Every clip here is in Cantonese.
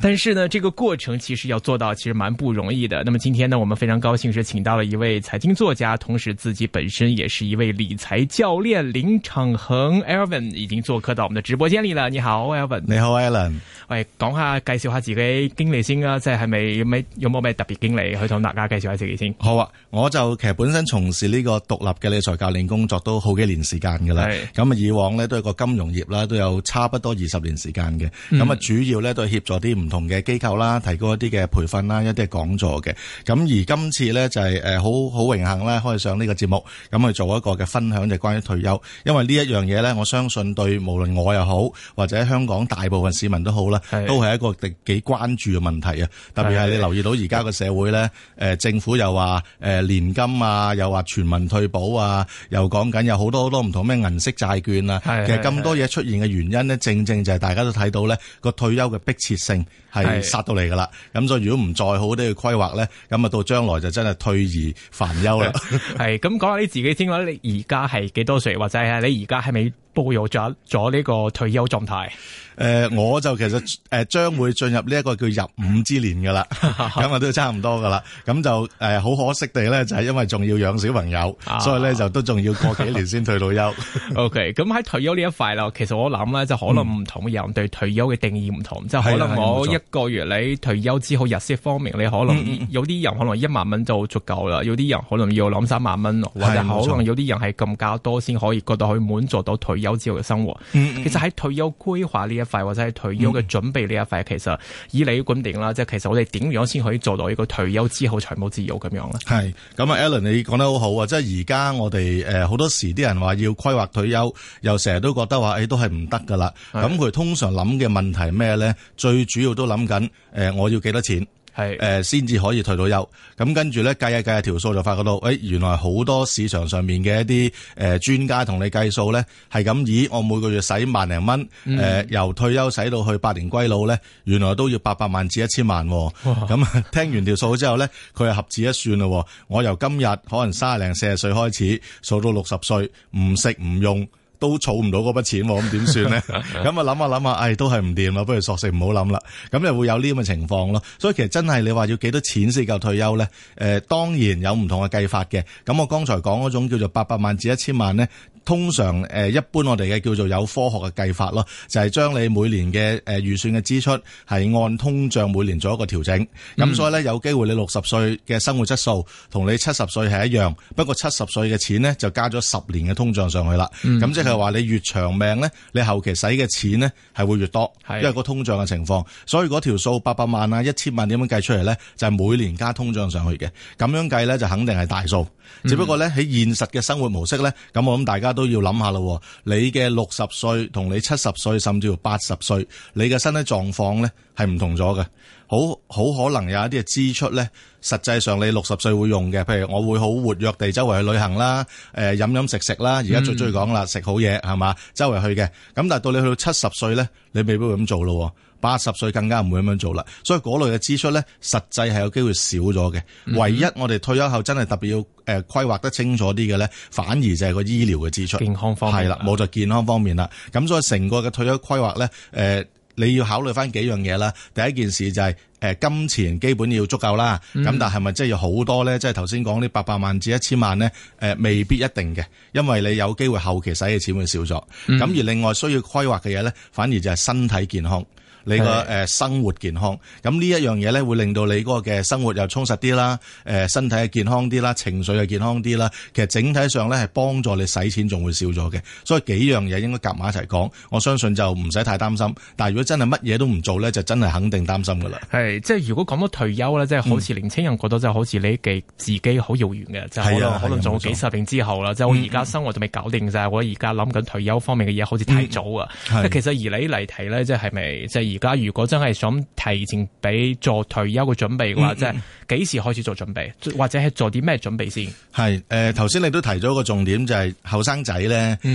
但是呢，這個過程其實要做到，其實蠻不容易的。那麼今天呢，我們非常高興是請到了一位財經作家，同時自己本身也是一位理財教練林昶恆 Alan 已經做客到我們的直播間裡了。你好，Alan。Al 你好，Alan。喂，講下介紹下自己經歷先啊，即係係咪有咩有冇咩特別經歷去同大家介紹下自己先？好啊，我就其實本身從事呢個獨立嘅理財教練工作都好幾年時間噶啦，咁啊是以往咧都係個金融業啦，都有差不多二十年時間嘅，咁啊主要咧都係協助啲。嗯唔同嘅機構啦，提供一啲嘅培訓啦，一啲嘅講座嘅。咁而今次咧就係誒好好榮幸咧，可以上呢個節目，咁去做一個嘅分享，就係關於退休。因為呢一樣嘢咧，我相信對無論我又好，或者香港大部分市民都好啦，都係一個幾幾關注嘅問題啊。的特別係你留意到而家個社會咧，誒的、呃、政府又話誒年金啊，又話全民退保啊，又講緊有好多好多唔同咩銀色債券啊。的其實咁多嘢出現嘅原因呢，正正就係大家都睇到咧個退休嘅迫切性。係殺到你噶啦，咁所以如果唔再好啲嘅規劃咧，咁啊到將來就真係退而煩憂啦。係，咁講下你自己先啦，你而家係幾多歲，或者係你而家係咪步入咗咗呢個退休狀態？誒、呃，我就其實誒將、呃、會進入呢一個叫入伍之年噶啦，咁啊都差唔多噶啦，咁就誒好、呃、可惜地咧，就係、是、因為仲要養小朋友， 所以咧就都仲要過幾年先退到休。 OK，咁喺退休呢一塊啦，其實我諗咧就可能唔同嘅人對退休嘅定義唔同，即係、嗯、可能我一個月你退休之後日薪方面，你可能有啲人可能一萬蚊就足夠啦，有啲人可能要兩三萬蚊，嗯、或者可能有啲人係更加多先可以覺得可以滿足到退休之後嘅生活。嗯嗯、其實喺退休規劃呢塊或者係退休嘅準備呢一塊，其實以你嘅觀點啦，即係其實我哋點樣先可以做到呢個退休之後財務自由咁樣咧？係，咁啊，Alan 你講得好好啊，即係而家我哋誒好多時啲人話要規劃退休，又成日都覺得話誒、哎、都係唔得噶啦。咁佢是的 通常諗嘅問題咩咧？最主要都諗緊誒，我要幾多錢？係誒，先至是、呃、可以退到休。咁跟住咧，計下計下條數就發覺到，誒、哎，原來好多市場上面嘅一啲誒專家同你計數咧，係咁以我每個月使萬零蚊，誒、嗯呃，由退休使到去百年歸老咧，原來都要八百萬至一千萬。咁、啊、哇聽完條數之後咧，佢係合指一算咯。我由今日可能三廿零四十歲開始數到六十歲，唔食唔用。都儲唔到嗰筆錢喎，咁點算咧？咁啊諗下諗下，唉、哎，都係唔掂咯，不如索性唔好諗啦。咁又會有呢咁嘅情況咯。所以其實真係你話要幾多錢先夠退休咧？誒、呃，當然有唔同嘅計法嘅。咁我剛才講嗰種叫做八百萬至一千萬咧。通常誒一般我哋嘅叫做有科學嘅計法咯，就係、是、將你每年嘅誒預算嘅支出係按通脹每年做一個調整，咁、嗯、所以咧有機會你六十歲嘅生活質素同你七十歲係一樣，不過七十歲嘅錢咧就加咗十年嘅通脹上去啦，咁、嗯、即係話你越長命咧，你後期使嘅錢咧係會越多，因為個通脹嘅情況，是所以嗰條數八百萬啊一千萬點樣計出嚟？咧，就係、是、每年加通脹上去嘅，咁樣計咧就肯定係大數，只不過咧喺現實嘅生活模式咧，咁我諗大家。都要諗下咯，你嘅六十歲同你七十歲甚至乎八十歲，你嘅身體狀況咧係唔同咗嘅，好好可能有一啲嘅支出咧，實際上你六十歲會用嘅，譬如我會好活躍地周圍去旅行啦，誒飲飲食食啦，而家最中意講啦，食好嘢係嘛，周圍去嘅，咁但係到你去到七十歲咧，你未必會咁做咯。八十歲更加唔會咁樣做啦，所以嗰類嘅支出咧，實際係有機會少咗嘅。唯一我哋退休後真係特別要誒規劃得清楚啲嘅咧，反而就係個醫療嘅支出，健康方面係啦，冇咗健康方面啦。咁所以成個嘅退休規劃咧，誒、呃、你要考慮翻幾樣嘢啦。第一件事就係誒金錢基本要足夠啦。咁、嗯、但係咪即係要好多咧？即係頭先講啲八百萬至一千萬咧，誒、呃、未必一定嘅，因為你有機會後期使嘅錢會少咗。咁、嗯、而另外需要規劃嘅嘢咧，反而就係身體健康。你個誒生活健康，咁呢一樣嘢咧會令到你嗰個嘅生活又充實啲啦，誒身體又健康啲啦，情緒又健康啲啦，其實整體上咧係幫助你使錢仲會少咗嘅，所以幾樣嘢應該夾埋一齊講，我相信就唔使太擔心。但係如果真係乜嘢都唔做咧，就真係肯定擔心㗎啦。係，即係如果講到退休咧，即、就、係、是、好似年輕人覺得、嗯、就好似你自己好遙遠嘅，就可能、啊、可能做幾十年之後啦，啊、就我而家生活仲未搞定咋，嗯、我而家諗緊退休方面嘅嘢好似太早啊。即其實而你嚟睇咧，即係咪即係？而家如果真係想提前俾做退休嘅準備嘅話，即係幾時開始做準備，或者係做啲咩準備先？係、嗯，誒，頭、呃、先你都提咗一個重點，就係後生仔咧，誒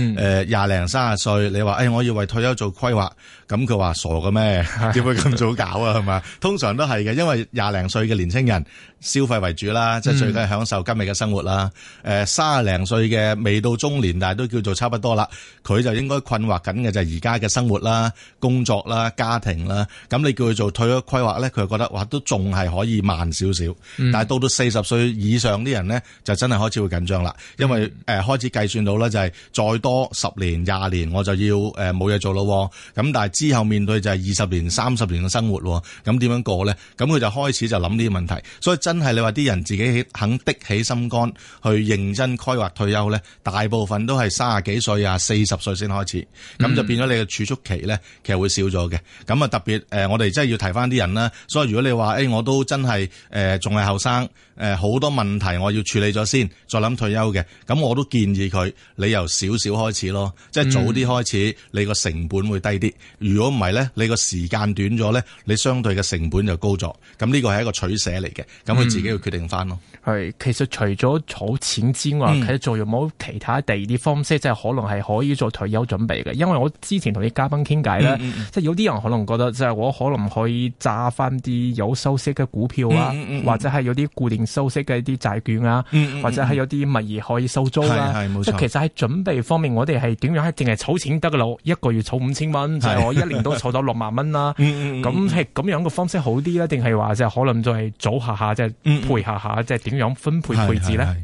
廿零卅歲，你話誒、欸、我要為退休做規劃，咁佢話傻嘅咩？點 會咁早搞啊？係嘛？通常都係嘅，因為廿零歲嘅年青人消費為主啦，即係最緊係享受今日嘅生活啦。誒、嗯、卅零歲嘅未到中年，但係都叫做差不多啦。佢就應該困惑緊嘅就係而家嘅生活啦、工作啦、家庭。家庭啦，咁你叫佢做退休規劃咧，佢就覺得哇，都仲係可以慢少少。嗯、但係到到四十歲以上啲人咧，就真係開始會緊張啦，因為誒、嗯呃、開始計算到咧就係、是、再多十年廿年我就要誒冇嘢做咯。咁但係之後面對就係二十年三十年嘅生活，咁點樣過咧？咁佢就開始就諗呢啲問題。所以真係你話啲人自己肯的起心肝去認真規劃退休咧，大部分都係三十幾歲啊四十歲先開始，咁、嗯、就變咗你嘅儲蓄期咧，其實會少咗嘅。咁咁啊，特別誒、呃，我哋真係要提翻啲人啦。所以如果你話誒、欸，我都真係誒，仲係後生。誒好多問題我要處理咗先，再諗退休嘅，咁我都建議佢你由少少開始咯，即係早啲開始，嗯、你個成本會低啲。如果唔係咧，你個時間短咗咧，你相對嘅成本就高咗。咁呢個係一個取捨嚟嘅，咁佢自己要決定翻咯。係、嗯，其實除咗儲錢之外，嗯、其實仲有冇其他第二啲方式，即係、嗯、可能係可以做退休準備嘅？因為我之前同啲嘉賓傾偈咧，即係、嗯嗯、有啲人可能覺得即係、就是、我可能可以揸翻啲有收息嘅股票啊，或者係有啲固定嗯嗯嗯嗯嗯嗯嗯收息嘅一啲債券啊，嗯嗯、或者係有啲物業可以收租啦。即係其實喺準備方面，我哋係點樣？係淨係儲錢得嘅咯，一個月儲五千蚊，即係是我一年都儲到六萬蚊啦。咁係咁樣嘅方式好啲咧，定係話即係可能再組下下，即係配下下，即係點樣分配配置咧？誒、啊、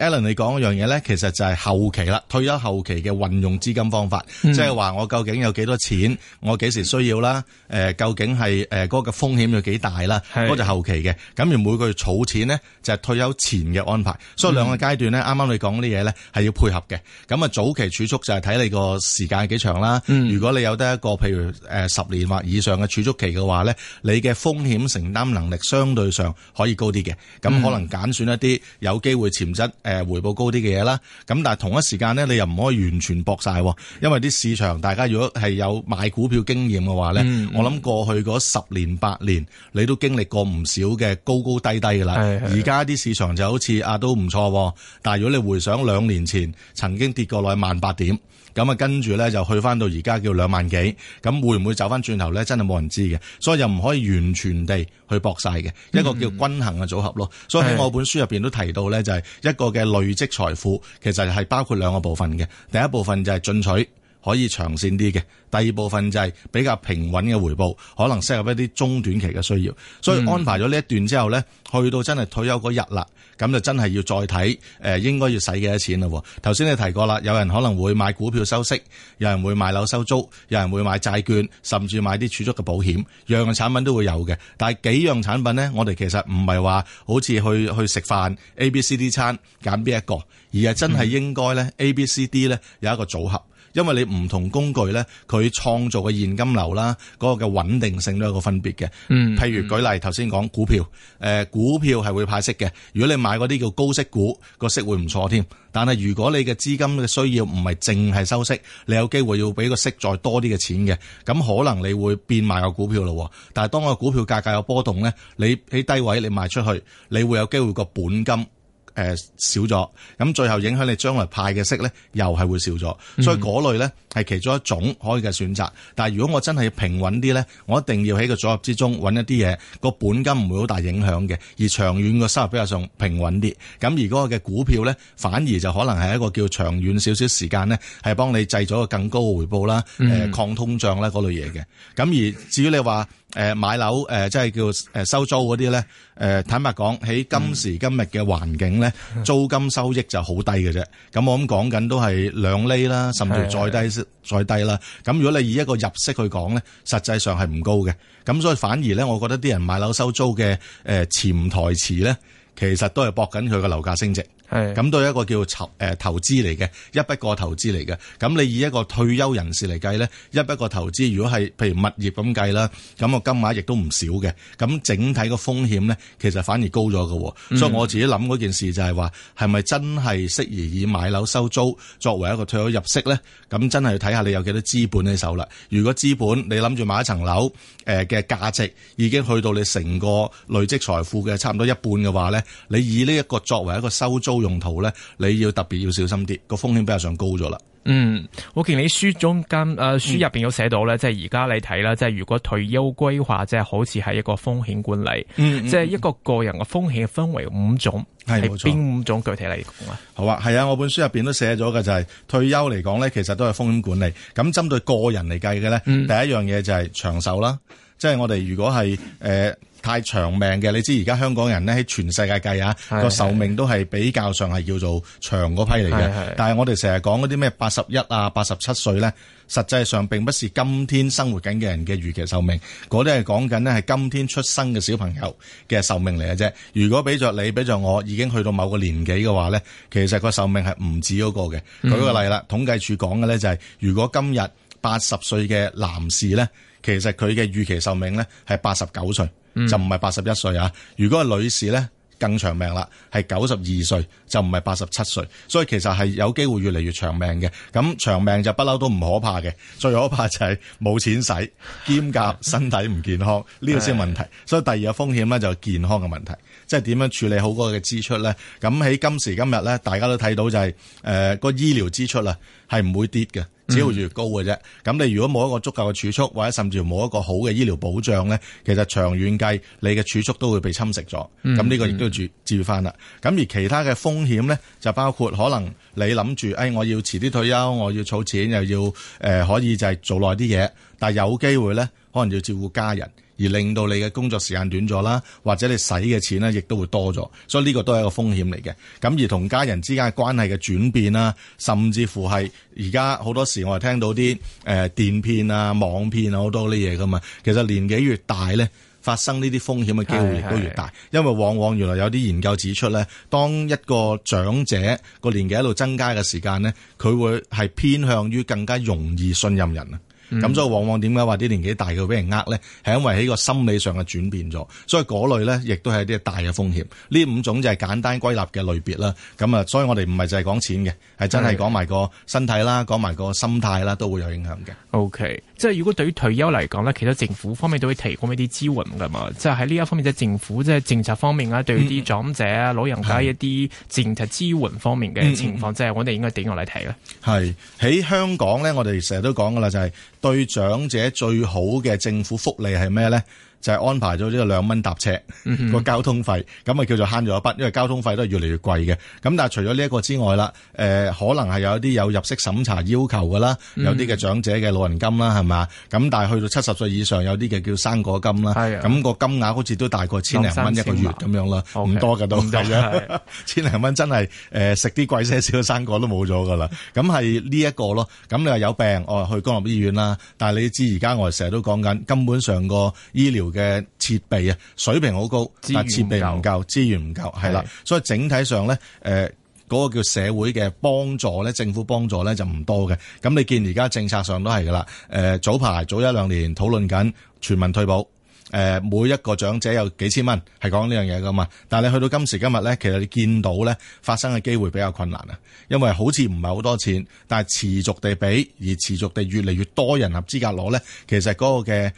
Alan，你講一樣嘢咧，其實就係後期啦，退休後期嘅運用資金方法，即係話我究竟有幾多錢，我幾時需要啦？誒、呃，究竟係誒嗰個風險有幾大啦？我就後期嘅。咁而每個月儲錢咧。就係退休前嘅安排，所以兩個階段咧，啱啱你講啲嘢咧係要配合嘅。咁啊，早期儲蓄就係睇你個時間係幾長啦。嗯、如果你有得一個譬如誒十、呃、年或以上嘅儲蓄期嘅話咧，你嘅風險承擔能力相對上可以高啲嘅。咁可能揀選一啲有機會潛質誒回報高啲嘅嘢啦。咁但係同一時間咧，你又唔可以完全搏晒，因為啲市場大家如果係有買股票經驗嘅話咧，嗯、我諗過去嗰十年八年你都經歷過唔少嘅高高低低噶啦。而家啲市場就好似啊都唔錯，但係如果你回想兩年前曾經跌過落萬八點，咁啊跟住咧就去翻到而家叫兩萬幾，咁會唔會走翻轉頭咧？真係冇人知嘅，所以又唔可以完全地去搏晒嘅，一個叫均衡嘅組合咯。嗯、所以喺我本書入邊都提到咧，就係、是、一個嘅累積財富，其實係包括兩個部分嘅，第一部分就係進取。可以長線啲嘅第二部分就係比較平穩嘅回報，可能適合一啲中短期嘅需要。嗯、所以安排咗呢一段之後呢去到真係退休嗰日啦，咁就真係要再睇誒、呃，應該要使幾多錢啦。頭先你提過啦，有人可能會買股票收息，有人會買樓收租，有人會買債券，甚至買啲儲蓄嘅保險，樣樣產品都會有嘅。但係幾樣產品呢，我哋其實唔係話好似去去食飯 A B C D 餐揀邊一個，而係真係應該呢 A B C D 呢有一個組合。因為你唔同工具咧，佢創造嘅現金流啦，嗰個嘅穩定性都有個分別嘅。嗯，譬如舉例頭先講股票，誒，股票係會派息嘅。如果你買嗰啲叫高息股，個息會唔錯添。但係如果你嘅資金嘅需要唔係淨係收息，你有機會要俾個息再多啲嘅錢嘅，咁可能你會變賣個股票咯。但係當個股票價格有波動咧，你喺低位你賣出去，你會有機會個本金，誒、呃、少咗，咁最後影響你將來派嘅息咧，又係會少咗，嗯、所以嗰類咧係其中一種可以嘅選擇。但係如果我真係要平穩啲咧，我一定要喺個組合之中揾一啲嘢，個本金唔會好大影響嘅，而長遠個收入比較上平穩啲。咁如果我嘅股票咧，反而就可能係一個叫長遠少少時間咧，係幫你製咗個更高嘅回報啦，誒、呃、抗通脹啦嗰類嘢嘅。咁而至於你話，誒、呃，買樓誒，即、呃、係叫誒收租嗰啲咧，誒、呃、坦白講，喺今時今日嘅環境咧，嗯、租金收益就好低嘅啫。咁我諗講緊都係兩厘啦，甚至再低的再低啦。咁如果你以一個入息去講咧，實際上係唔高嘅。咁所以反而咧，我覺得啲人買樓收租嘅誒潛台詞咧，其實都係搏緊佢嘅樓價升值。咁都係一個叫做投誒投資嚟嘅，一筆過投資嚟嘅。咁你以一個退休人士嚟計咧，一筆過投資，如果係譬如物業咁計啦，咁個金額亦都唔少嘅。咁整體個風險咧，其實反而高咗嘅。嗯、所以我自己諗嗰件事就係話，係咪真係適宜以買樓收租作為一個退休入息咧？咁真係要睇下你有幾多資本喺手啦。如果資本你諗住買一層樓，誒嘅價值已經去到你成個累積財富嘅差唔多一半嘅話咧，你以呢一個作為一個收租。用途咧，你要特別要小心啲，個風險比較上高咗啦。嗯，我見你書中間誒、啊，書入邊有寫到咧，即係而家你睇啦，即係如果退休規劃，即係好似係一個風險管理，即係、嗯嗯、一個個人嘅風險，分為五種，係冇錯。邊五種具體嚟講啊？好啊，係啊，我本書入邊都寫咗嘅就係退休嚟講咧，其實都係風險管理。咁針對個人嚟計嘅咧，嗯、第一樣嘢就係長壽啦。即係我哋如果係誒、呃、太長命嘅，你知而家香港人咧喺全世界計啊，個壽命都係比較上係叫做長嗰批嚟嘅。是是是，但係我哋成日講嗰啲咩八十一啊、八十七歲咧，實際上並不是今天生活緊嘅人嘅預期壽命，嗰啲係講緊呢，係今天出生嘅小朋友嘅壽命嚟嘅啫。如果畀着你，畀着我已經去到某個年紀嘅話咧，其實壽個壽命係唔止嗰個嘅。嗯、舉個例啦，統計處講嘅咧就係、是、如果今日八十歲嘅男士咧，其實佢嘅預期壽命咧係八十九歲，歲嗯、就唔係八十一歲啊！如果係女士咧更長命啦，係九十二歲，就唔係八十七歲。所以其實係有機會越嚟越長命嘅。咁長命就不嬲都唔可怕嘅，最可怕就係冇錢使，兼夾身體唔健康呢個先係問題。所以第二個風險咧就係、是、健康嘅問題，即係點樣處理好嗰個嘅支出咧？咁喺今時今日咧，大家都睇到就係、是、誒、呃那個醫療支出啊，係唔會跌嘅。只要越高嘅啫，咁你如果冇一個足夠嘅儲蓄，或者甚至乎冇一個好嘅醫療保障咧，其實長遠計你嘅儲蓄都會被侵蝕咗。咁呢個亦都要注注意翻啦。咁、嗯嗯、而其他嘅風險咧，就包括可能你諗住，誒、哎、我要遲啲退休，我要儲錢又要誒、呃、可以就係做耐啲嘢，但係有機會咧，可能要照顧家人。而令到你嘅工作時間短咗啦，或者你使嘅錢咧，亦都會多咗，所以呢個都係一個風險嚟嘅。咁而同家人之間嘅關係嘅轉變啦，甚至乎係而家好多時我哋聽到啲誒、呃、電騙啊、網騙啊好多啲嘢噶嘛。其實年紀越大咧，發生呢啲風險嘅機會亦都越大，是是因為往往原來有啲研究指出咧，當一個長者個年紀喺度增加嘅時間咧，佢會係偏向於更加容易信任人啊。咁、嗯、所以往往點解話啲年紀大嘅俾人呃咧，係因為喺個心理上嘅轉變咗。所以嗰類咧，亦都係一啲大嘅風險。呢五種就係簡單歸納嘅類別啦。咁啊，所以我哋唔係淨係講錢嘅，係真係講埋個身體啦，的講埋個心，心態啦，都會有影響嘅。O、okay, K，即係如果對於退休嚟講咧，其實政府方面都會提供一啲支援噶嘛。即係喺呢一方面即係政府即係、就是、政策方面啊，對於啲長者啊、老、嗯、人家一啲政策支援方面嘅情況，即係的、嗯、我哋應該點樣嚟睇咧？係喺香港咧，我哋成日都講噶啦，就係、是。對長者最好嘅政府福利係咩咧？就係安排咗呢個兩蚊搭車個交通費，咁啊、mm hmm. 叫做慳咗一筆，因為交通費都係越嚟越貴嘅。咁但係除咗呢一個之外啦，誒、呃、可能係有一啲有入息審查要求噶啦，mm hmm. 有啲嘅長者嘅老人金啦，係嘛？咁但係去到七十歲以上有啲嘅叫生果金啦，咁個、mm hmm. 金額好似都大概千零蚊一個月咁、mm hmm. 樣啦，唔多噶都咁樣千零蚊真係誒、呃、食啲貴些少生果都冇咗噶啦。咁係呢一個咯。咁你話有病，我、哦、去公立醫院啦。但係你知而家我哋成日都講緊根本上個醫療嘅設備啊，水平好高，但係設備唔夠，夠資源唔夠，係啦的，所以整體上咧，誒、呃、嗰、嗰個叫社會嘅幫助咧，政府幫助咧就唔多嘅。咁你見而家政策上都係噶啦，誒、呃、早排早一兩年討論緊全民退保，誒、呃、每一個長者有幾千蚊，係講呢樣嘢噶嘛。但係你去到今時今日咧，其實你見到咧發生嘅機會比較困難啊，因為好似唔係好多錢，但係持續地俾，而持續地越嚟越多人合資格攞咧，其實嗰個嘅。.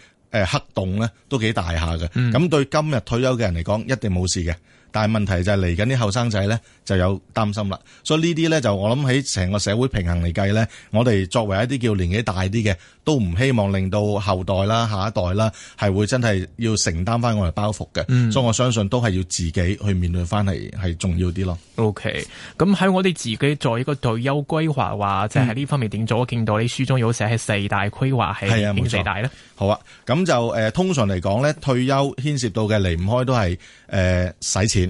誒，黑洞咧都幾大下嘅，咁、嗯、對今日退休嘅人嚟講，一定冇事嘅。但係問題就係嚟緊啲後生仔咧，就有擔心啦。所以呢啲咧就我諗喺成個社會平衡嚟計咧，我哋作為一啲叫年紀大啲嘅，都唔希望令到後代啦、下一代啦，係會真係要承擔翻我哋包袱嘅。嗯、所以我相信都係要自己去面對翻，係係重要啲咯。OK，咁喺我哋自己做一個退休規劃話，即係喺呢方面點、嗯、做？我見到你書中有寫係四大規劃，係，係啊，冇錯。四大咧，好啊。咁就誒、呃，通常嚟講咧，退休牽涉到嘅離唔開都係誒使錢。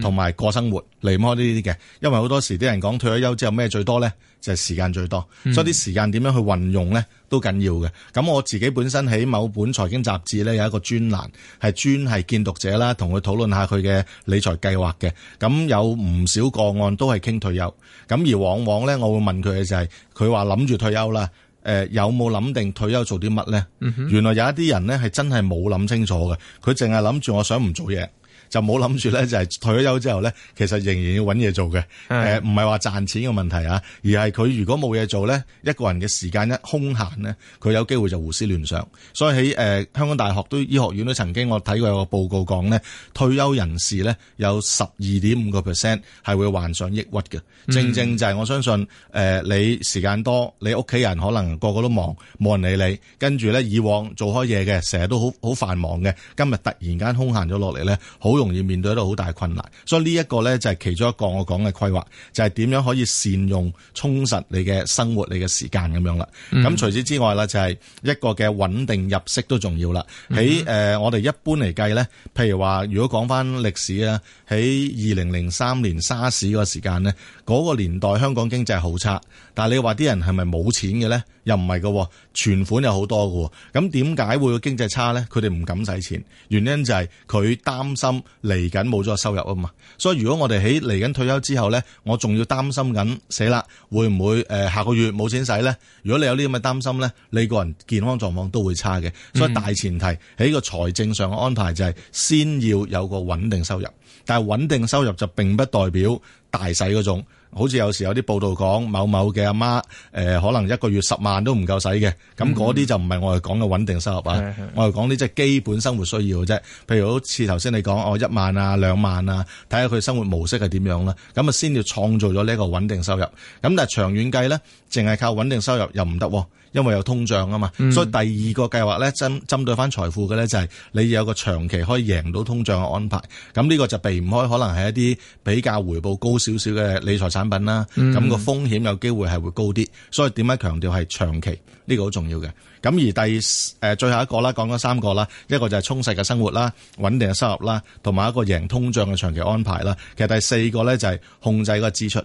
同埋過生活離唔開呢啲嘅，因為好多時啲人講退咗休之後咩最多呢？就係、是、時間最多，嗯、所以啲時間點樣去運用呢？都緊要嘅。咁我自己本身喺某本財經雜誌呢，有一個專欄，係專係見讀者啦，同佢討論下佢嘅理財計劃嘅。咁有唔少個案都係傾退休，咁而往往呢，我會問佢嘅就係、是，佢話諗住退休啦，誒、呃、有冇諗定退休做啲乜呢？嗯、哼原來有一啲人呢，係真係冇諗清楚嘅，佢淨係諗住我想唔做嘢。就冇諗住咧，就係退咗休之後咧，其實仍然要揾嘢做嘅。誒的，唔係話賺錢嘅問題啊，而係佢如果冇嘢做咧，一個人嘅時間一空閒咧，佢有機會就胡思亂想。所以喺誒、呃、香港大學都醫學院都曾經我睇過有個報告講咧，退休人士咧，有十二點五個 percent 係會患上抑鬱嘅。嗯、正正就係我相信誒、呃，你時間多，你屋企人可能個個都忙，冇人理你，跟住咧，以往做開嘢嘅，成日都好好繁忙嘅，今日突然間空閒咗落嚟咧，好容易面對到好大困難，所以呢一個呢就係其中一個我講嘅規劃，就係、是、點樣可以善用充實你嘅生活、你嘅時間咁樣啦。咁、嗯、除此之外呢，就係、是、一個嘅穩定入息都重要啦。喺誒、嗯呃，我哋一般嚟計呢，譬如話，如果講返歷史啊，喺二零零三年沙士嗰個時間呢，嗰、那個年代香港經濟係好差，但係你話啲人係咪冇錢嘅呢？又唔係嘅，存款有好多嘅，咁點解會個經濟差咧？佢哋唔敢使錢，原因就係佢擔心嚟緊冇咗收入啊嘛。所以如果我哋喺嚟緊退休之後咧，我仲要擔心緊，死啦會唔會誒下個月冇錢使咧？如果你有呢咁嘅擔心咧，你個人健康狀況都會差嘅。所以大前提喺個財政上嘅安排就係先要有個穩定收入，但係穩定收入就並不代表大使嗰種。好似有時有啲報道講某某嘅阿媽，誒、呃，可能一個月十萬都唔夠使嘅，咁嗰啲就唔係我哋講嘅穩定收入啊，嗯、我哋講啲即係基本生活需要嘅啫。譬如好似頭先你講，我、哦、一萬啊、兩萬啊，睇下佢生活模式係點樣啦，咁啊先至創造咗呢一個穩定收入。咁但係長遠計咧，淨係靠穩定收入又唔得、啊。因為有通脹啊嘛，所以第二個計劃咧，針針對翻財富嘅咧、就係，就係你有個長期可以贏到通脹嘅安排。咁呢個就避唔開，可能係一啲比較回報高少少嘅理財產品啦。咁個風險有機會係會高啲，所以點解強調係長期呢、呢個好重要嘅。咁而第誒最後一個啦，講咗三個啦，一個就係充實嘅生活啦，穩定嘅收入啦，同埋一個贏通脹嘅長期安排啦。其實第四個咧就係控制嗰個支出，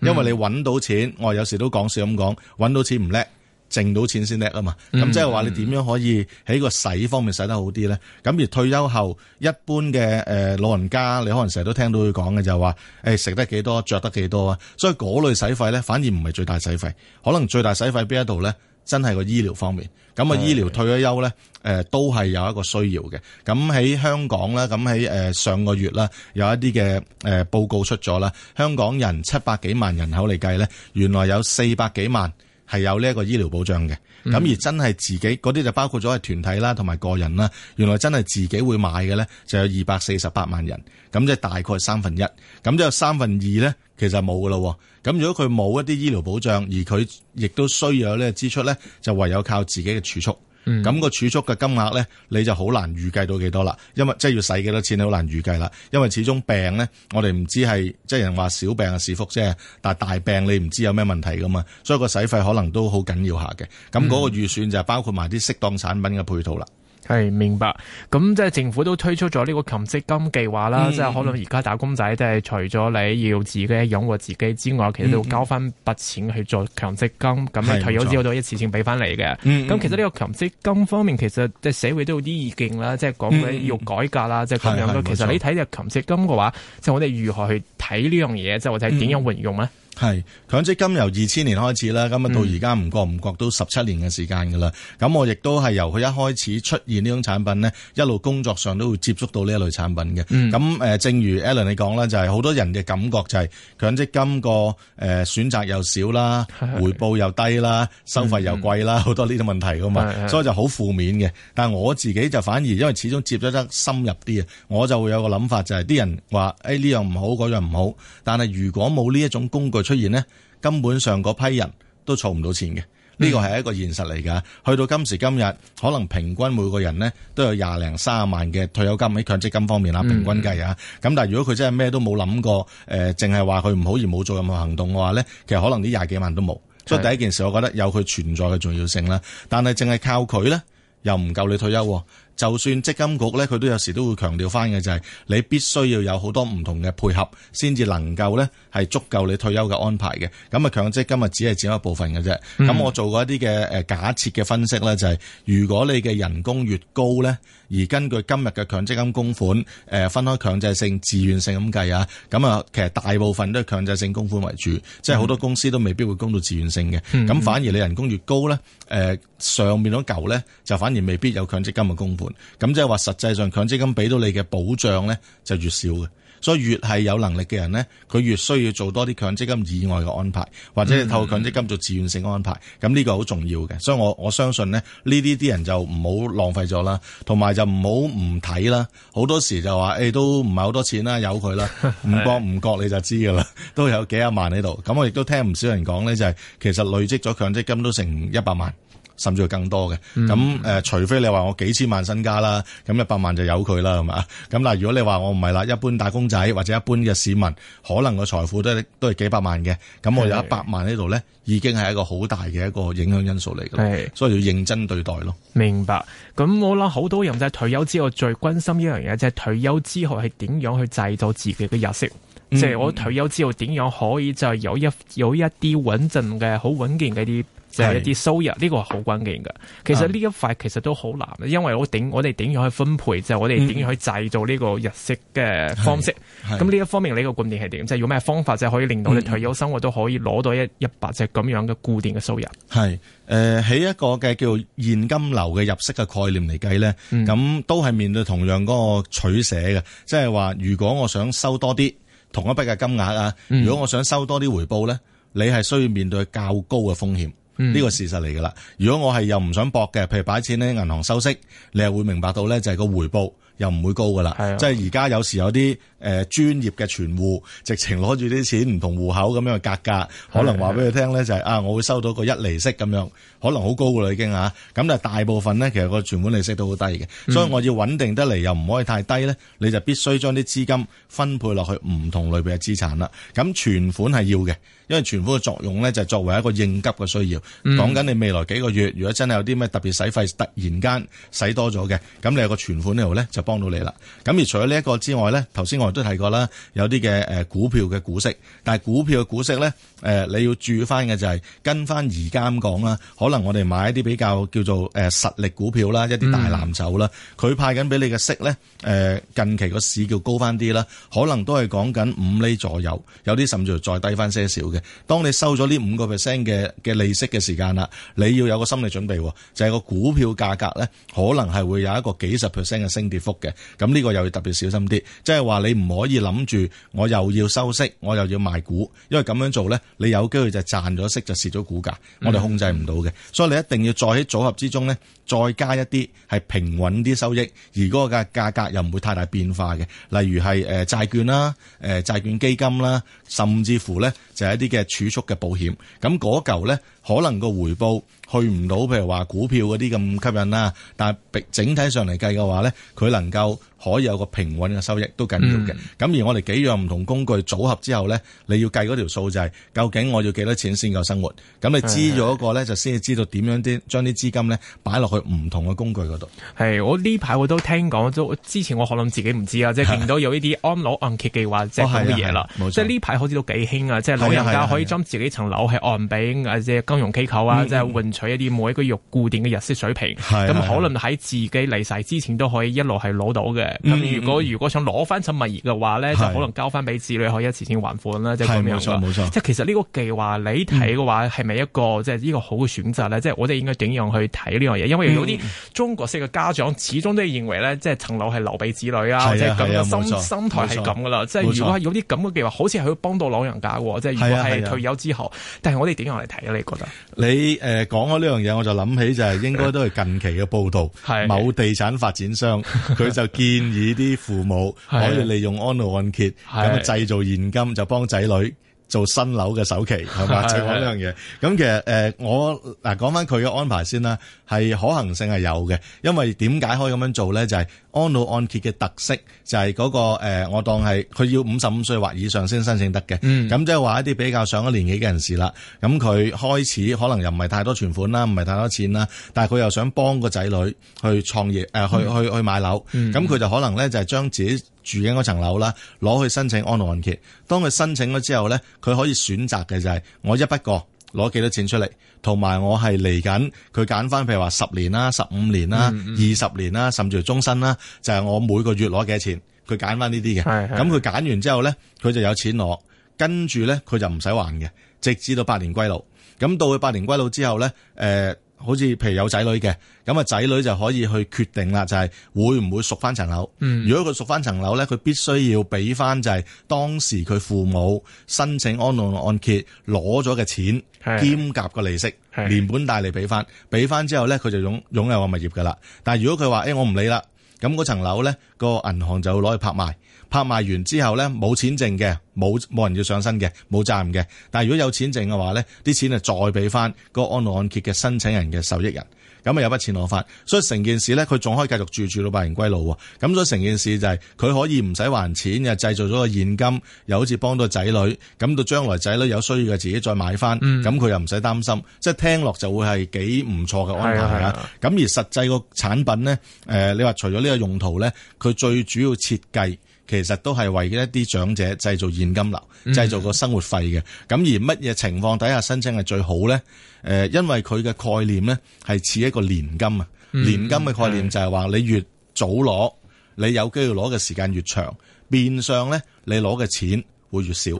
因為你揾到錢，我有時都講笑咁講，揾到錢唔叻。淨到錢先叻啊嘛！咁、嗯、即係話你點樣可以喺個使方面使得好啲咧？咁而退休後一般嘅誒老人家，你可能成日都聽到佢講嘅就話誒食得幾多，着得幾多啊？所以嗰類使費咧，反而唔係最大使費，可能最大使費邊一度咧，真係個醫療方面。咁啊，醫療退咗休咧，誒都係有一個需要嘅。咁喺香港咧，咁喺誒上個月啦，有一啲嘅誒報告出咗啦。香港人七百幾萬人口嚟計咧，原來有四百幾萬。係有呢一個醫療保障嘅，咁、嗯、而真係自己嗰啲就包括咗係團體啦，同埋個人啦。原來真係自己會買嘅咧，就有二百四十八萬人，咁即係大概三分一。咁即有三分二咧，其實冇噶咯。咁如果佢冇一啲醫療保障，而佢亦都需要有呢個支出咧，就唯有靠自己嘅儲蓄。咁、嗯、個儲蓄嘅金額咧，你就好難預計到幾多啦，因為即係、就是、要使幾多錢，你好難預計啦。因為始終病咧，我哋唔知係即係人話小病是福啫，但係大病你唔知有咩問題噶嘛，所以個使費可能都好緊要下嘅。咁、那、嗰個預算就係包括埋啲適當產品嘅配套啦。嗯係明白，咁即係政府都推出咗呢個強積金計劃啦，即係可能而家打工仔即係除咗你要自己養活自己之外，其實都要交翻筆錢去做強積金，咁啊退休之後都一次性俾翻你嘅。咁其實呢個強積金方面，其實即係社會都有啲意見啦，即係講緊要改革啦，即係咁樣，其實你睇下強積金嘅話，即係我哋如何去睇呢樣嘢，即係或者係點樣運用咧？係，強積金由二千年開始啦，咁啊到而家唔覺唔覺都十七年嘅時間噶啦。咁、嗯、我亦都係由佢一開始出現呢種產品咧，一路工作上都會接觸到呢一類產品嘅。咁誒、嗯呃，正如 Alan 你講啦，就係、是、好多人嘅感覺就係強積金個誒、呃、選擇又少啦，回報又低啦，收費又貴啦，好、嗯、多呢啲問題噶嘛，嗯、所以就好負面嘅。但係我自己就反而因為始終接觸得深入啲啊，我就會有個諗法就係、是、啲人話誒呢樣唔好，樣唔好，但係如果冇呢一種工具，出現呢，根本上嗰批人都儲唔到錢嘅，呢個係一個現實嚟噶。去到今時今日，可能平均每個人呢都有廿零卅萬嘅退休金喺強積金方面啦，平均計啊。咁但係如果佢真係咩都冇諗過，誒、呃，淨係話佢唔好而冇做任何行動嘅話呢，其實可能呢廿幾萬都冇。是的 所以第一件事，我覺得有佢存在嘅重要性啦。但係淨係靠佢呢，又唔夠你退休。就算積金局咧，佢都有時都會強調翻嘅就係、是、你必須要有好多唔同嘅配合，先至能夠咧係足夠你退休嘅安排嘅。咁，啊強積金啊只係佔一部分嘅啫。咁、嗯、我做過一啲嘅誒假設嘅分析咧，就係、是、如果你嘅人工越高咧，而根據今日嘅強積金供款誒、呃、分開強制性、自願性咁計啊，咁啊其實大部分都係強制性供款為主，嗯、即係好多公司都未必會供到自願性嘅。咁、嗯、反而你人工越高咧，誒、呃、上面嗰嚿咧就反而未必有強積金嘅供款。咁即係話，實際上強積金俾到你嘅保障咧，就越少嘅。所以越係有能力嘅人咧，佢越需要做多啲強積金以外嘅安排，或者係透過強積金做自願性安排。咁呢、嗯、個好重要嘅。所以我我相信咧，呢啲啲人就唔好浪費咗啦，同埋就唔好唔睇啦。好多時就話，誒、欸、都唔係好多錢啦，由佢啦，唔覺唔覺你就知噶啦，都有幾廿萬喺度。咁我亦都聽唔少人講咧，就係、是、其實累積咗強積金都成一百萬。甚至係更多嘅，咁誒、嗯呃，除非你話我幾千萬身家啦，咁一百萬就有佢啦，係嘛？咁嗱，如果你話我唔係啦，一般打工仔或者一般嘅市民，可能個財富都都係幾百萬嘅，咁我有一百萬呢度咧，的已經係一個好大嘅一個影響因素嚟嘅，所以要認真對待咯。明白。咁我諗好多人就係退休之後最關心一樣嘢，就係退休之後係點樣去製造自己嘅日息，即係、嗯、我退休之後點樣可以就有一有一啲穩陣嘅好穩健嘅啲。.就一啲收入呢是個好關鍵嘅，其實呢一塊其實都好難，是因為我頂我哋點樣去分配，嗯、就我哋點樣去製造呢個入息嘅方式。咁呢是一方面，呢是個觀念係點？即、就、係、是、用咩方法，即、就、係、是、可以令到你退休生活都、嗯、可以攞到一一百隻咁樣嘅固定嘅收入。係誒，喺、呃、一個嘅叫做現金流嘅入息嘅概念嚟計咧，咁、嗯、都係面對同樣嗰個取捨嘅，即係話如果我想收多啲同一筆嘅金額啊，如果我想收多啲回報咧，你係需要面對較高嘅風險。呢個、嗯、事實嚟㗎啦。如果我係又唔想搏嘅，譬如擺錢喺銀行收息，你係會明白到咧，就係個回報又唔會高㗎啦。是啊、即係而家有時有啲誒、呃、專業嘅存戶，直情攞住啲錢唔同戶口咁樣格價，是啊、可能話俾佢聽咧就係、是、是啊，啊，我會收到一個一釐息咁樣，可能好高㗎啦已經嚇。咁但係大部分咧其實個存款利息都好低嘅，嗯、所以我要穩定得嚟又唔可以太低咧，你就必須將啲資金分配落去唔同類別嘅資產啦。咁存款係要嘅。因為存款嘅作用咧，就係作為一個應急嘅需要，講緊、嗯、你未來幾個月，如果真係有啲咩特別使費，突然間使多咗嘅，咁你有個存款呢度咧，就幫到你啦。咁而除咗呢一個之外咧，頭先我哋都提過啦，有啲嘅誒股票嘅股息，但係股票嘅股息咧，誒、呃、你要注意翻嘅就係、是、跟翻而家咁講啦，可能我哋買一啲比較叫做誒實力股票啦，一啲大藍籌啦，佢、嗯、派緊俾你嘅息咧，誒、呃、近期個市叫高翻啲啦，可能都係講緊五釐左右，有啲甚至再低翻些少嘅。當你收咗呢五個 percent 嘅嘅利息嘅時間啦，你要有個心理準備，就係、是、個股票價格咧，可能係會有一個幾十 percent 嘅升跌幅嘅。咁呢個又要特別小心啲，即係話你唔可以諗住我又要收息，我又要賣股，因為咁樣做咧，你有機會就賺咗息就蝕咗股價，我哋控制唔到嘅。嗯、所以你一定要再喺組合之中咧，再加一啲係平穩啲收益，而嗰個價價格又唔會太大變化嘅，例如係誒債券啦，誒、呃、債券基金啦，甚至乎咧就係啲嘅儲蓄嘅保險，咁嗰嚿咧。可能個回報去唔到，譬如話股票嗰啲咁吸引啦。但係整體上嚟計嘅話咧，佢能夠可以有個平穩嘅收益都緊要嘅。咁、嗯、而我哋幾樣唔同工具組合之後咧，你要計嗰條數就係究竟我要幾多錢先夠生活。咁你知咗一、個咧，是是是就先知道點樣啲將啲資金咧擺落去唔同嘅工具嗰度。係，我呢排我都聽講，之前我可能自己唔知啊，即係見到有呢啲安老按揭計劃即係咁嘅嘢啦。即係呢排好似都幾興啊，即係老人家可以將自己層樓係按俾啊，即金融機構啊，即係換取一啲每個月固定嘅日息水平，咁可能喺自己離世之前都可以一路係攞到嘅。咁如果如果想攞翻層物業嘅話咧，就可能交翻俾子女可以一次性還款啦，即係咁樣，冇錯，冇錯，即係其實呢個計劃你睇嘅話，係咪一個即係呢個好嘅選擇咧？即係我哋應該點樣去睇呢樣嘢？因為有啲中國式嘅家長始終都係認為咧，即係層樓係留俾子女啊，即係咁嘅心心態係咁噶啦。即係如果有啲咁嘅計劃，好似係要幫到老人家，即係如果係退休之後，但係我哋點樣嚟睇呢個？你誒講開呢樣嘢，我就諗起就係應該都係近期嘅報導，的某地產發展商佢的就建議啲父母可以利用安老按揭咁的製造現金，就幫仔女。做新樓嘅首期係嘛？就係講呢樣嘢。咁的其實誒、呃，我嗱講翻佢嘅安排先啦，係可行性係有嘅。因為點解可以咁樣做咧？就係、是、安老按揭嘅特色就係、是、嗰、那個、呃、我當係佢要五十五歲或以上先申請得嘅。咁即係話一啲比較上咗年紀嘅人士啦，咁佢開始可能又唔係太多存款啦，唔係太多錢啦，但係佢又想幫個仔女去創業誒、呃，去、嗯、去去買樓。咁佢就可能咧就係將自己，住緊嗰層樓啦，攞去申請安老按揭。當佢申請咗之後咧，佢可以選擇嘅就係、是、我一筆過攞幾多錢出嚟，同埋我係嚟緊佢揀翻，譬如話十年啦、十五年啦、二十年啦，甚至係終身啦，就係、是、我每個月攞幾多錢，佢揀翻呢啲嘅。咁佢揀完之後咧，佢就有錢攞，跟住咧佢就唔使還嘅，直至到百年歸老。咁到佢百年歸老之後咧，誒、呃。好似譬如有仔女嘅，咁啊仔女就可以去決定啦，就係會唔會贖翻層樓？如果佢贖翻層樓咧，佢必須要俾翻就係當時佢父母申請安老按揭攞咗嘅錢，是的 兼夾個利息，連本帶利俾翻。俾翻之後咧，佢就擁擁有個物業噶啦。但係如果佢話，誒、欸、我唔理啦，咁嗰層樓咧個銀行就會攞去拍賣。拍賣完之後咧，冇錢剩嘅，冇冇人要上身嘅，冇責任嘅。但係如果有錢剩嘅話咧，啲錢就再俾翻個安老按揭嘅申請人嘅受益人，咁啊有筆錢攞翻，所以成件事咧佢仲可以繼續住住到百年歸老喎。咁所以成件事就係佢可以唔使還錢，又製造咗個現金，又好似幫到仔女咁，到將來仔女有需要嘅自己再買翻，咁佢又唔使擔心，即係聽落就會係幾唔錯嘅安排嚇。咁、嗯、而實際個產品咧，誒、呃、你話除咗呢個用途咧，佢最主要設計。其實都係為一啲長者製造現金流，製造個生活費嘅。咁而乜嘢情況底下申請係最好呢？誒、呃，因為佢嘅概念呢，係似一個年金啊。嗯、年金嘅概念就係話的你越早攞，你有機會攞嘅時間越長，變相呢，你攞嘅錢會越少。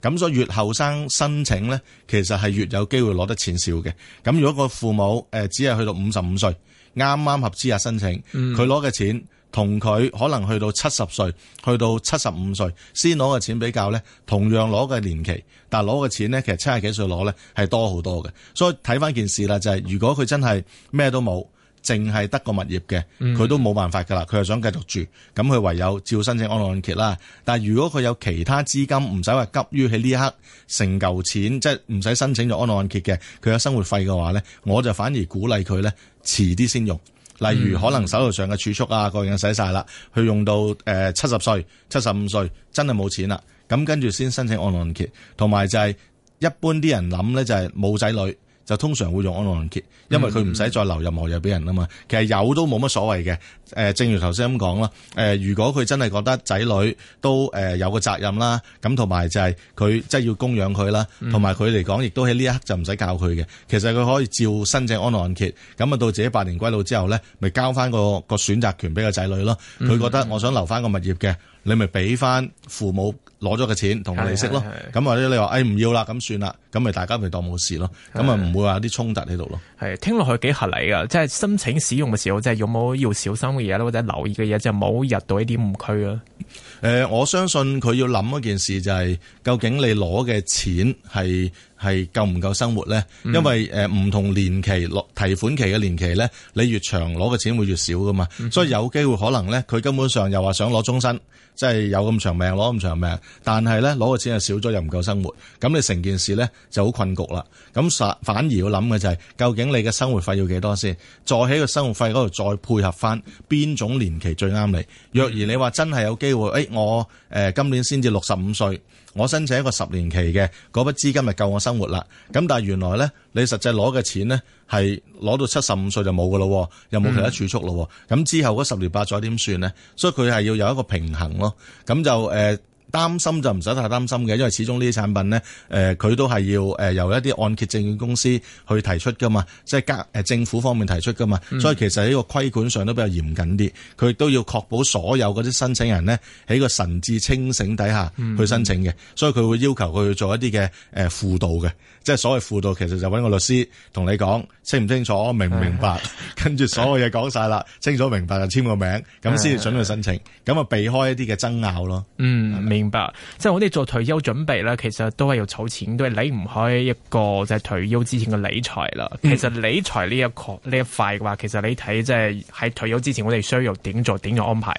咁所以越後生申請呢，其實係越有機會攞得錢少嘅。咁如果個父母誒只係去到五十五歲，啱啱合資格申請，佢攞嘅錢，同佢可能去到七十歲，去到七十五歲先攞嘅錢比較咧，同樣攞嘅年期，但係攞嘅錢咧，其實七廿幾歲攞咧係多好多嘅。所以睇翻件事啦，就係如果佢真係咩都冇，淨係得個物業嘅，佢都冇辦法噶啦。佢又想繼續住，咁佢唯有照申請安老按揭啦。但係如果佢有其他資金，唔使話急於喺呢一刻成嚿錢，即係唔使申請咗安老按揭嘅，佢有生活費嘅話咧，我就反而鼓勵佢咧，遲啲先用。例如可能手頭上嘅儲蓄啊，各樣使曬啦，佢用到誒七十歲，七十五歲，真係冇錢啦，咁跟住先申請按按揭，同埋就係一般啲人諗咧，就係冇仔女。就通常會用安老按揭，id, 因為佢唔使再留任何嘢俾人啊嘛。其實有都冇乜所謂嘅。誒、呃，正如頭先咁講啦。誒、呃，如果佢真係覺得仔女都誒有個責任啦，咁同埋就係佢即係要供養佢啦，同埋佢嚟講亦都喺呢一刻就唔使教佢嘅。其實佢可以照申請安老按揭，咁啊到自己百年歸老之後咧，咪交翻個個選擇權俾個仔女咯。佢覺得我想留翻個物業嘅，你咪俾翻父母。攞咗嘅錢同利息咯，咁或者你話誒唔要啦，咁算啦，咁咪大家咪當冇事咯，咁啊唔會話有啲衝突喺度咯。係聽落去幾合理㗎，即係申請使用嘅時候，即係有冇要小心嘅嘢咧，或者留意嘅嘢，就冇入到呢啲誤區咯。誒、呃，我相信佢要諗一件事就係、是，究竟你攞嘅錢係係夠唔夠生活咧？因為誒唔同年期攞提款期嘅年期咧，你越長攞嘅錢會越少噶嘛，所以有機會可能咧，佢根本上又話想攞終身，即、就、係、是、有咁長命攞咁長命。但係咧，攞嘅錢又少咗，又唔夠生活，咁你成件事咧就好困局啦。咁反反而要諗嘅就係、是，究竟你嘅生活費要幾多先？再喺個生活費嗰度再配合返邊種年期最啱你。若然你話真係有機會，誒、哎、我誒、呃、今年先至六十五歲，我申請一個十年期嘅，嗰筆資金咪夠我生活啦。咁但係原來咧，你實際攞嘅錢咧係攞到七十五歲就冇噶咯，又冇其他儲蓄咯。咁、嗯、之後嗰十年八載點算咧？所以佢係要有一個平衡咯。咁就誒。呃擔心就唔使太擔心嘅，因為始終呢啲產品咧，誒、呃、佢都係要誒由一啲按揭證券公司去提出噶嘛，即係加誒政府方面提出噶嘛，嗯、所以其實喺個規管上都比較嚴謹啲，佢都要確保所有嗰啲申請人咧喺個神智清醒底下去申請嘅，嗯、所以佢會要求佢做一啲嘅誒輔導嘅，即係所謂輔導其實就搵個律師同你講清唔清楚，明唔明白，跟住、嗯、所有嘢講晒啦，清楚明白就簽個名，咁先至準佢申請，咁啊咪避開一啲嘅爭拗咯。嗯，明。明白，即係我哋做退休準備咧，其實都係要儲錢，都係離唔開一個即係退休之前嘅理財啦。其實理財呢一個呢一塊嘅話，其實你睇即係喺退休之前，我哋需要點做點樣安排？誒、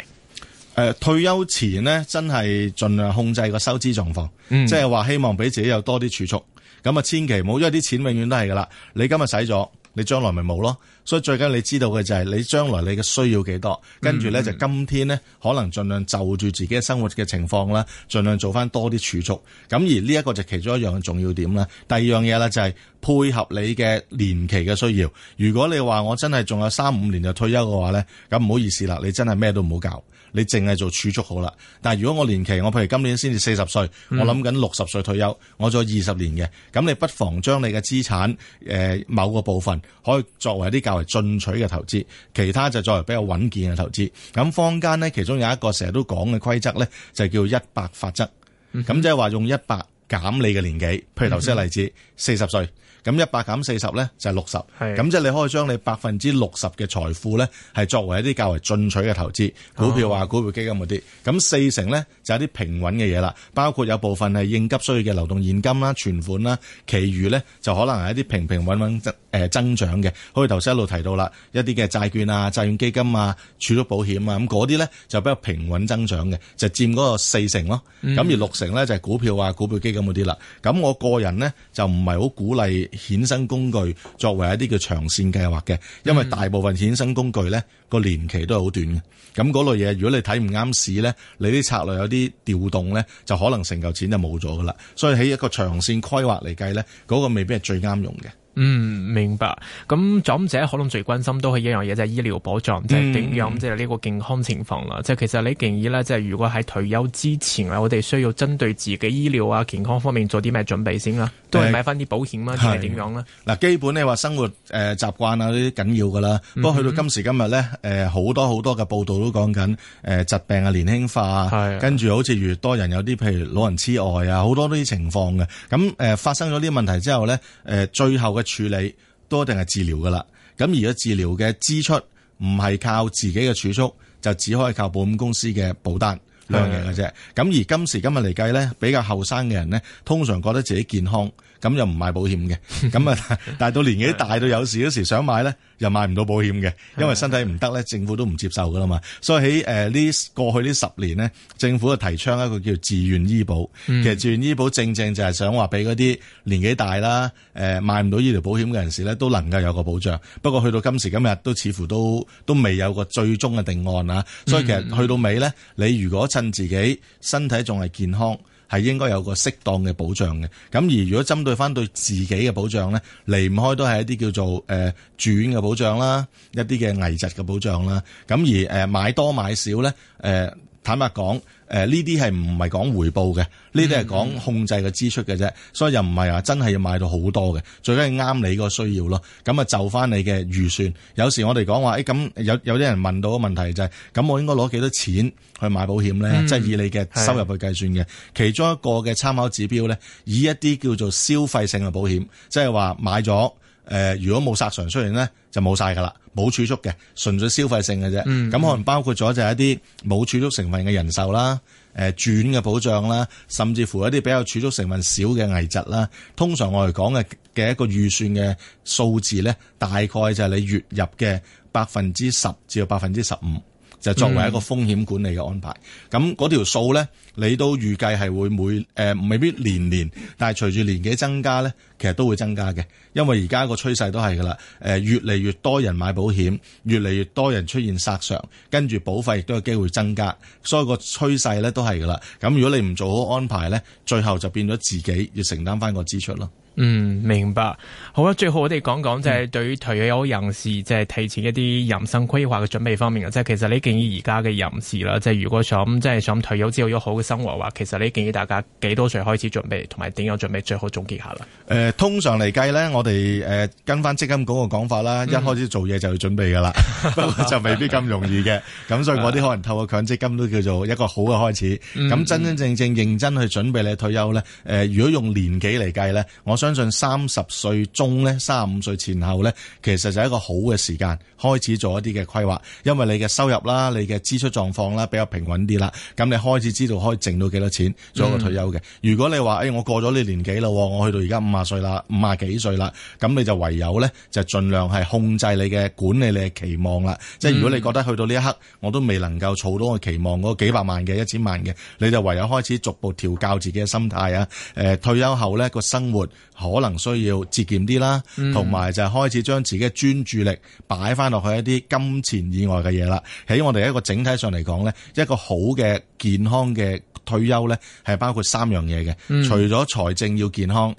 呃，退休前呢，真係盡量控制個收支狀況，嗯、即係話希望俾自己有多啲儲蓄。咁啊，千祈唔好，因為啲錢永遠都係噶啦，你今日使咗。你將來咪冇咯，所以最緊你知道嘅就係你將來你嘅需要幾多，跟住咧就今天咧可能儘量就住自己嘅生活嘅情況啦，儘量做翻多啲儲蓄。咁而呢一個就其中一樣重要點啦。第二樣嘢咧就係配合你嘅年期嘅需要。如果你話我真係仲有三五年就退休嘅話咧，咁唔好意思啦，你真係咩都唔好搞。你淨係做儲蓄好啦，但係如果我年期，我譬如今年先至四十歲，嗯、我諗緊六十歲退休，我做二十年嘅，咁你不妨將你嘅資產，誒、呃、某個部分可以作為啲較為進取嘅投資，其他就作為比較穩健嘅投資。咁坊間咧，其中有一個成日都講嘅規則咧，就叫一百法則，咁、嗯、哼即係話用一百減你嘅年紀，譬如頭先嘅例子，四十、嗯、哼歲。咁一百減四十咧就係六十，係，咁即係你可以將你百分之六十嘅財富咧係作為一啲較為進取嘅投資，股票啊、股票基金嗰啲，咁、哦、四成咧就係啲平穩嘅嘢啦，包括有部分係應急需要嘅流動現金啦、存款啦，其餘咧就可能係一啲平平穩穩誒增長嘅，好似頭先一路提到啦，一啲嘅債券啊、債券基金啊、儲蓄保險啊，咁嗰啲咧就比較平穩增長嘅，就佔嗰個四成咯，咁、嗯、而六成咧就係股票啊、股票基金嗰啲啦，咁我個人咧就唔係好鼓勵。衍生工具作為一啲叫長線計劃嘅，因為大部分衍生工具咧個年期都係好短嘅。咁嗰類嘢，如果你睇唔啱市咧，你啲策略有啲調動咧，就可能成嚿錢就冇咗噶啦。所以喺一個長線規劃嚟計咧，嗰個未必係最啱用嘅。嗯，明白。咁長者可能最關心都係一樣嘢，就係醫療保障，即係點樣即係呢個健康情況啦。即係其實你建議咧，即係如果喺退休之前啊，我哋需要針對自己醫療啊、健康方面做啲咩準備先啦？都係買翻啲保險啊？即係點樣啦？嗱，基本你話生活誒，習慣啊，呢啲緊要噶啦。不過去到今時今日咧，誒好多好多嘅報道都講緊誒疾病啊年輕化，係跟住好似越多人有啲譬如老人痴呆啊，好多呢啲情況嘅。咁誒發生咗呢啲問題之後咧，誒最後嘅。處理都一定係治療噶啦，咁而家治療嘅支出唔係靠自己嘅儲蓄，就只可以靠保險公司嘅保單兩樣嘢嘅啫。咁的而今時今日嚟計咧，比較後生嘅人咧，通常覺得自己健康。咁又唔買保險嘅，咁啊，但係到年紀大到有事嗰時想買咧， 又買唔到保險嘅， 因為身體唔得咧， 政府都唔接受噶啦嘛。所以喺誒呢過去呢十年呢，政府就提倡一個叫自願醫保，嗯、其實自願醫保正正，正就係想話俾嗰啲年紀大啦，誒買唔到醫療保險嘅人士咧，都能夠有個保障。不過去到今時今日都似乎都都未有個最終嘅定案啊，所以其實去到尾咧，你如果趁自己身體仲係健康。係應該有個適當嘅保障嘅，咁而如果針對翻對自己嘅保障咧，離唔開都係一啲叫做誒、呃、住院嘅保障啦，一啲嘅危疾嘅保障啦，咁而誒、呃、買多買少咧誒。呃坦白講，誒呢啲係唔係講回報嘅？呢啲係講控制嘅支出嘅啫，嗯、所以又唔係話真係要買到好多嘅。最緊要啱你個需要咯。咁啊就翻你嘅預算。有時我哋講話，誒、欸、咁有有啲人問到個問題就係、是，咁我應該攞幾多錢去買保險咧？即係、嗯、以你嘅收入去計算嘅。是其中一個嘅參考指標咧，以一啲叫做消費性嘅保險，即係話買咗。誒，如果冇索償出現咧，就冇晒噶啦，冇儲蓄嘅，純粹消費性嘅啫。咁、嗯嗯、可能包括咗就係一啲冇儲蓄成分嘅人壽啦，誒轉嘅保障啦，甚至乎一啲比較儲蓄成分少嘅危疾啦。通常我哋講嘅嘅一個預算嘅數字咧，大概就係你月入嘅百分之十至到百分之十五。就作為一個風險管理嘅安排，咁嗰條數呢，你都預計係會每誒、呃、未必年年，但係隨住年紀增加呢，其實都會增加嘅，因為而家個趨勢都係噶啦，誒、呃、越嚟越多人買保險，越嚟越多人出現索償，跟住保費亦都有機會增加，所以個趨勢呢都係噶啦。咁如果你唔做好安排呢，最後就變咗自己要承擔返個支出咯。嗯，明白。好啦，最後我哋講講就係對於退休人士，即係提前一啲人生規劃嘅準備方面嘅。即係其實你建議而家嘅人士啦，即係如果想即係想退休之後有好嘅生活嘅話，其實你建議大家幾多歲開始準備，同埋點樣準備最好總結下啦。誒，通常嚟計咧，我哋誒跟翻積金局嘅講法啦，一開始做嘢就要準備噶啦，不過就未必咁容易嘅。咁所以我啲可能透過強積金都叫做一個好嘅開始。咁真真正正認真去準備你退休咧，誒，如果用年紀嚟計咧，我。相信三十歲中咧，三十五歲前後咧，其實就係一個好嘅時間，開始做一啲嘅規劃，因為你嘅收入啦，你嘅支出狀況啦，比較平穩啲啦，咁你開始知道可以剩到幾多錢做一個退休嘅。嗯、如果你話誒、哎，我過咗呢年紀啦，我去到而家五啊歲啦，五啊幾歲啦，咁你就唯有咧就盡量係控制你嘅管理你嘅期望啦。即係如果你覺得去到呢一刻，我都未能夠儲到我期望嗰個幾百萬嘅、一千萬嘅，你就唯有開始逐步調教自己嘅心態啊。誒、呃，退休後咧個生活，可能需要節儉啲啦，同埋、嗯、就係開始將自己嘅專注力擺翻落去一啲金錢以外嘅嘢啦。喺我哋一個整體上嚟講咧，一個好嘅健康嘅退休咧，係包括三樣嘢嘅，嗯、除咗財政要健康。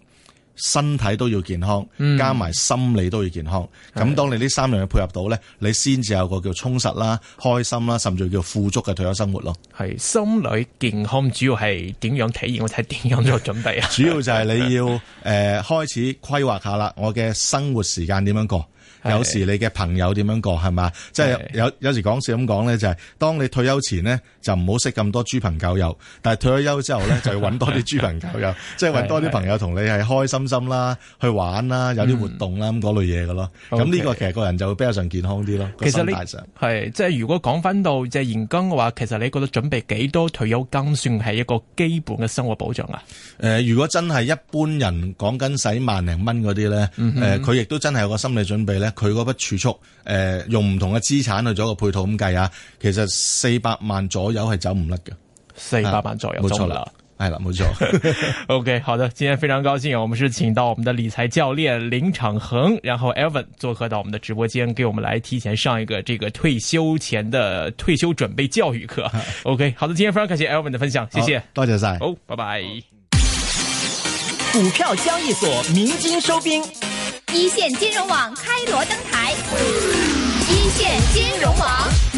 身體都要健康，加埋心理都要健康。咁、嗯、當你呢三樣嘢配合到咧，的你先至有個叫充實啦、開心啦，甚至叫富足嘅退休生活咯。係心理健康主要係點樣體驗？我睇點樣做準備啊？ 主要就係你要誒、呃、 開始規劃下啦，我嘅生活時間點樣過。有時你嘅朋友點樣過係嘛？即係有有時講笑咁講咧，就係、是、當你退休前呢，就唔好識咁多豬朋狗友。但係退咗休之後咧，就要揾多啲豬朋狗友， 即係揾多啲朋友同你係開心心啦，去玩啦，有啲活動啦咁嗰類嘢嘅咯。咁呢 okay, 個其實個人就會比較上健康啲咯。其實你係即係如果講翻到即係現金嘅話，其實你覺得準備幾多退休金算係一個基本嘅生活保障啊？誒、呃，如果真係一般人講緊使萬零蚊嗰啲咧，誒，佢亦都真係有個心理準備咧。佢嗰筆儲蓄，誒、呃、用唔同嘅資產去做一個配套咁計啊，其實四百萬左右係走唔甩嘅，四百萬左右，冇錯、啊、啦，係 啦，冇錯。 OK，好的，今天非常高興，我們是請到我們的理財教練林昶恆，然後 Alvin 做客到我們的直播間，給我們來提前上一個這個退休前的退休準備教育課。 OK，好的，今天非常感謝 Alvin 的分享，謝謝，多謝晒，oh, bye bye 好，拜拜。股票交易所鳴金收兵。一線金融網開鑼登台， 一線金融網。